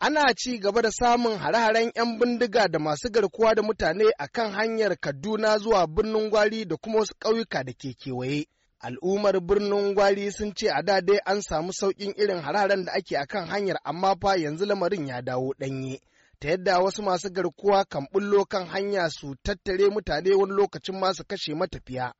ana ci gaba da samun hare-haren 'yan bindiga da masu garkuwa da mutane a kan hanyar Kaduna zuwa birnin Gwari da kuma wasu ƙauyuka da ke kewaye. Al'ummar birnin Gwari sun ce a da dai an samu sauƙin irin hare-haren da ake a kan hanyar amma fa yanzu lamarin ya dawo ɗanye. Ta yadda wasu masu garkuwa kan bullo kan hanya su tattare mutane wani lokacin masu kashe matafiya.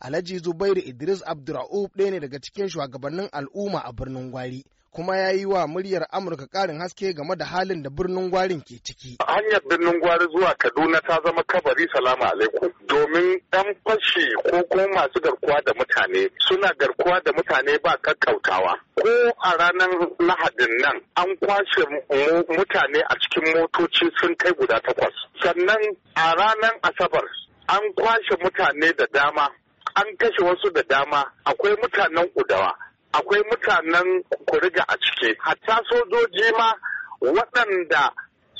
Alhaji Zubairu Idris Abdur'aub ɗaya ne daga cikin shugabannin al'umma a birnin Gwari. kuma ya yi wa muryar Amurka ƙarin haske game da halin da birnin gwarin ke ciki. Hanyar birnin gwari zuwa Kaduna ta zama kabari salama alaikum domin ɗan fashi ko kuma masu garkuwa da mutane suna garkuwa da mutane ba kakkautawa. Ko a ranar Lahadin nan an kwashe mutane a cikin motoci sun kai guda takwas. Sannan a ranar Asabar an kwashe mutane da dama an kashe wasu da dama akwai mutanen udawa akwai mutanen kuriga a ciki hatta sojoji ma waɗanda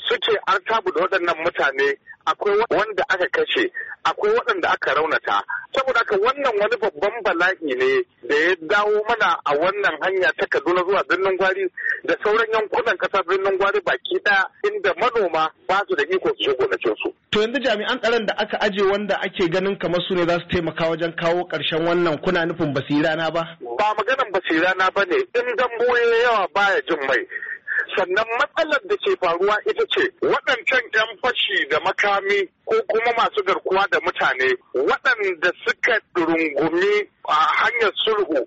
suke artabu da waɗannan mutane akwai wanda aka kashe akwai waɗanda aka raunata saboda haka wannan wani babban bala'i ne da ya dawo mana a wannan hanya ta kaduna zuwa birnin gwari da sauran yankunan kasa birnin gwari baki ɗaya inda manoma ba su da iko su je su. to yanzu jami'an tsaron da aka aje wanda ake ganin kamar su ne za su taimaka wajen kawo ƙarshen wannan kuna nufin basirana ba. ba maganan basira na ne in dambo yawa baya jin mai sannan matsalar da ke faruwa ita ce waɗancan 'yan fashi da makami ko kuma masu garkuwa da mutane waɗanda suka rungumi a hanyar sulhu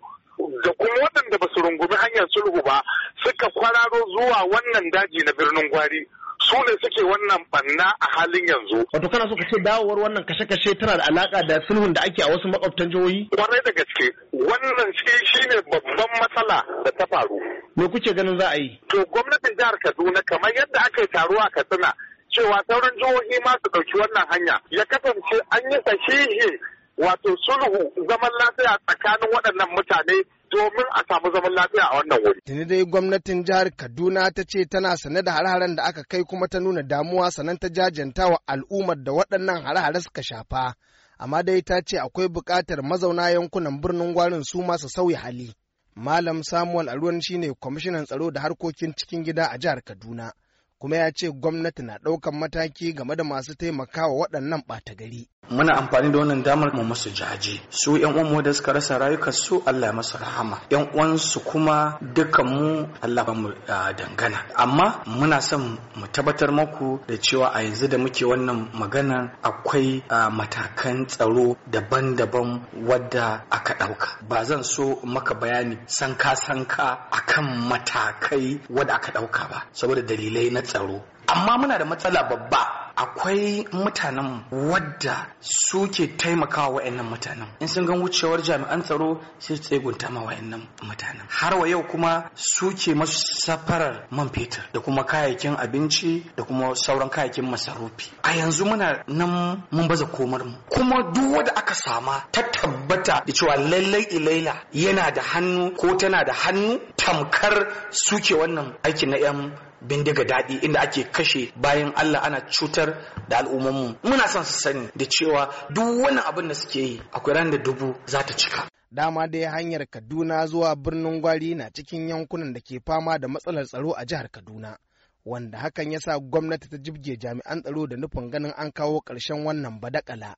da kuma waɗanda ba su rungumi hanyar sulhu ba suka kwararo zuwa wannan daji na birnin gwari su ne suke wannan banna a halin yanzu. Wato kana so ka ce dawowar wannan kashe-kashe tana da alaka da sulhun da ake a wasu makwabtan jihohi? Kwarai da gaske, wannan shi shine babban matsala da ta faru. Me kuke ganin za a yi? To gwamnatin jihar Kaduna kamar yadda aka yi taruwa a Katsina cewa sauran jihohi ma su ɗauki wannan hanya ya kasance an yi sahihi wato sulhu zaman lafiya tsakanin waɗannan mutane domin a samu zaman lafiya a wannan wuri. Tuni dai gwamnatin jihar Kaduna ta ce tana sane da har-haren da aka kai kuma ta nuna damuwa sanan ta jajanta wa al'ummar da waɗannan hare hare suka shafa. Amma dai ta ce akwai buƙatar mazauna yankunan birnin gwarin su masu sauya hali. Malam Samuel Aruwan shine kwamishinan tsaro da harkokin cikin gida a jihar Kaduna, kuma ya ce gwamnati na ɗaukan mataki game da masu taimakawa waɗannan ɓata gari. muna amfani da wannan damar mu musu jaje. su yan uwan mu da suka rasa rayukan su Allah ya masa rahama yan uwan su kuma dukkan mu Allah ba mu ah, dangana amma muna son mu tabbatar muku da cewa a yanzu da muke wannan magana akwai ah, matakan tsaro daban-daban wadda aka ɗauka ba zan so maka bayani sanka-sanka akan matakai wadda aka ɗauka ba saboda dalilai na tsaro amma muna da matsala babba akwai mutanen wadda suke taimakawa wa'annan mutanen in sun gan wucewar jami'an tsaro sai su tsegunta ma wa'annan mutanen har wa yau kuma suke masu safarar man fetur da kuma kayayyakin abinci da kuma sauran kayayyakin masarufi a yanzu muna nan mun baza komar mu kuma duk wanda aka sama ta tabbata da cewa lallai ilaila yana da hannu ko tana da hannu tamkar suke wannan aikin na 'yan bindiga daɗi inda ake kashe bayan Allah ana cutar da al'ummanmu muna son su sani da cewa duk wani abin da suke yi akwai ran da dubu za ta cika dama dai hanyar Kaduna zuwa birnin Gwari na cikin yankunan da ke fama da matsalar tsaro a jihar Kaduna wanda hakan ya sa gwamnati ta jibge jami'an tsaro da nufin ganin an kawo ƙarshen wannan badakala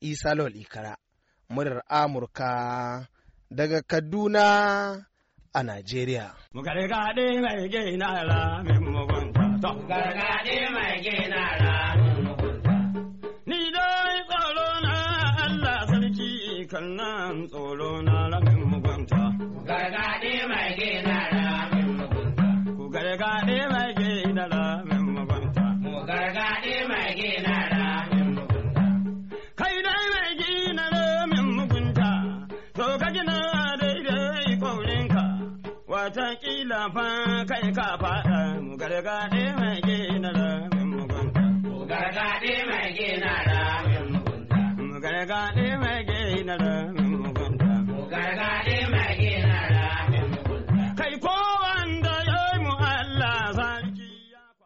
Isa Lawal Ikara murar Amurka daga Kaduna a Najeriya. Gargaɗi mai gina ra mai mugunta. Gargaɗi mai gina ra watakila fa kai ka faɗa mu gargaɗe mai gina ramin mugunta. Mu gargaɗe mai gina ramin mugunta. Mu gargaɗe mai gina ramin mugunta. Mu gargaɗe